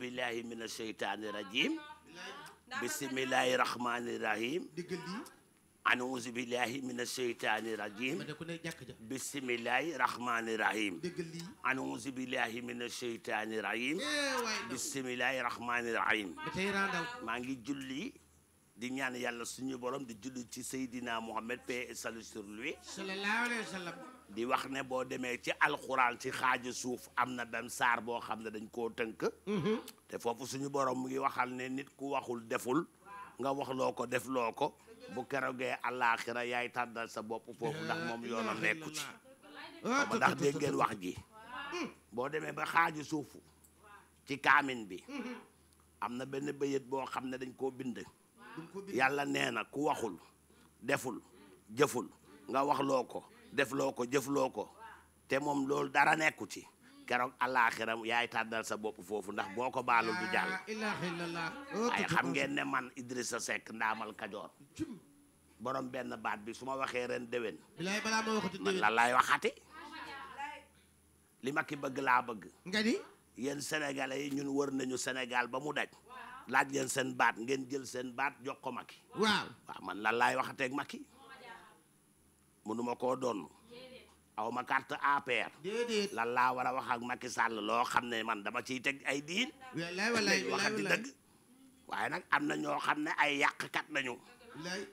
billahi min asheytaani rajim bismillahi rahmaani rahim auzu billahi min asheytani rajim bismillahi rahmani rahim auzu billahi min asheytani rajim eh, bismillahi rahmani rahim maa ngi julli di ñaan yàlla suñu borom di julli ci Seydina Mohamed paix et salut sur lui sallallahu alayhi wa sallam di wax ne boo demee ci alxuraan ci xaaju suuf am na benn saar boo xam ne dañ koo tënk mhm. te foofu suñu borom mu ngi waxal ne nit ku waxul deful nga wax loo ko defloo ko bu kerogee àllaaxira yaay tàddal sa bopp foofu ndax moom yoonam nekku ci ma wax ji boo demee ba xaaju suufu ci kaamin bi am na benn béyat boo xam ne dañ koo bind yàlla nee na ku waxul deful jëful nga wax loo ko defloo ko jëfloo ko te moom loolu dara nekku ci keroog alaaxira yaay tàddal sa bopp foofu ndax boo ko baalul du jàll xam ngeen ne man Idrissa Seck ndaamal Kajoor benn baat bi su ma waxee ren déwén man la lay waxati li ma ki bëgg laa bëgg nga ni yi ñun wër nañu Sénégal ba mu daj laaj leen seen baat ngeen jël seen baat jox ko Macky waaw waaw man lan laay waxateeg Macky mënuma koo doon aw ma carte APR. déedéet lan laa war a wax ak Macky Sall loo xam ne man dama ciy teg ay diin. wallaay wallaay waxati dëgg. waaye nag am na ñoo xam ne ay yàqkat lañu.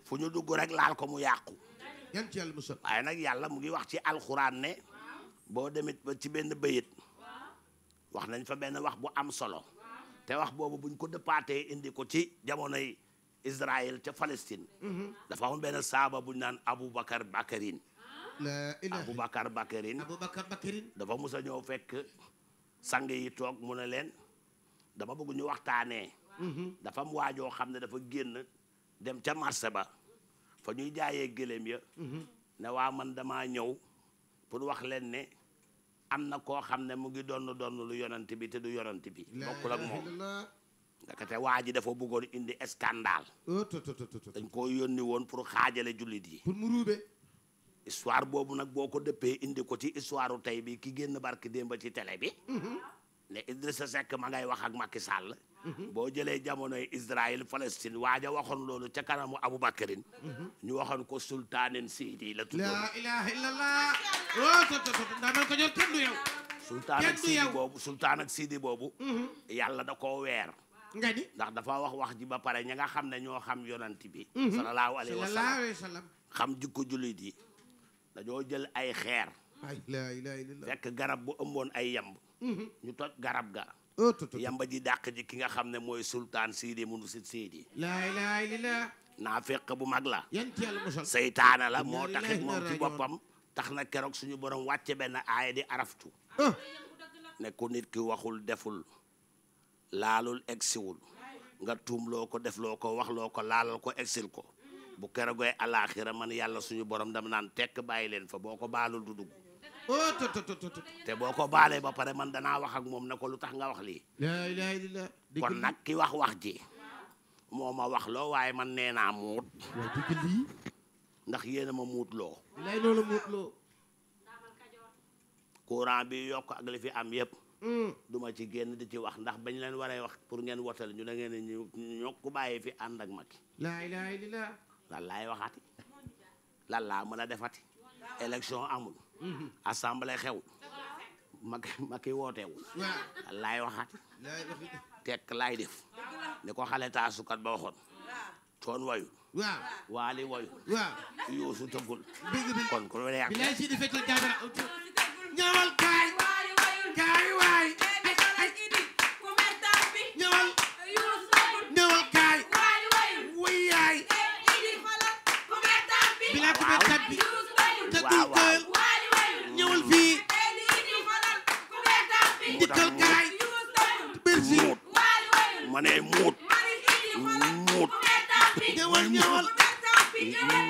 fu ñu dugg rek laal ko mu yàqu. yan ci yàlla waaye nag yàlla mu ngi wax ci alxuraan ne boo demit ba ci benn bayit wax nañ fa benn wax bu am solo te wax boobu buñ ko dëppaatee indi ko ci yi Israël ca Palestine. Mhm. dafa am benn saaba buñ naan Aboubacar Bakarin. Aboubacar Bakirin Aboubacar Bakirin dafa mus a ñëw fekk sang yi toog mu ne leen dama bëgg ñu waxtaanee mhm. dafa am waajoo xam ne dafa génn dem ca marché ba fa ñuy jaayee gëléem ya mhm. ne waa man dama ñëw pour wax leen ne am na koo xam ne mu ngi doon doon lu yonent bi te du yonent bi bokkul ak moom ndakate waa ji dafa bëggoon indi scandale oh, dañ koo yónni woon pour xaajale jullit yi histoire boobu nag boo ko dëppee indi ko ci histoire tey bi ki génn barki démb ci télé bi mhm. ne Idrissa Seck ma ngay wax ak Macky Sall mhm. boo jëlee jamonoy Israël Palestine waaja waxoon loolu ca kanamu abu Aboubacarin mhm. ñu waxoon ko sultaanin siidi la tuddoon la ilaha illallah ndaa man siidi boobu sultaan yàlla da ko weer nga ndax dafa wax wax ji ba pare ña nga xam ne ñoo xam yonanti bi sallallahu xam jikko jullit yi dañoo jël ay xeer. fekk garab bu ëmboon ay yamb. Mhm. ñu toj garab ga. Oh, yamba ji dàq ji ki nga xam ne mooy sultaan Sidi munu si Sidi. naa fekk bu mag la. seytaana la moo taxit moom ci boppam. tax na keroog suñu borom wàcce benn aaya di araftu. Oh. ne ku nit ki waxul deful laalul egsiwul nga tuumloo ko defloo ko waxloo ko laalal ko egsil ko. bu keroogee alaaxira man yàlla suñu borom dama naan tekk bàyyi leen fa boo ko baalul du dugg oh, te boo ko baalee ba pare man danaa wax ak moom ne ko lu tax nga wax lii laa kon nag ki wax wax ji moo ma wax loo waaye man nee naa muut ndax yéen a ma muut loo lay bi yokk ak li fi am yëpp hmm. duma ci génn di ci wax ndax bañ leen waree wax pour ngeen wotal ñu da ngeen ñoo ko bàyyi fi ànd ak Macky laa lan laay waxaati mën a defati élection amul assemblée xew mag maki wooteewul lan laay waxaati tekk def ni ko xale taasukat ba waxoon coon wayu waali wayu waaw yuusu tëggul kon ko le yàq ñëwal kaay kaay waay tëggul kër ñëwal fii njëkkal kaay birsi ma ne muut muut ñëwal ñëwal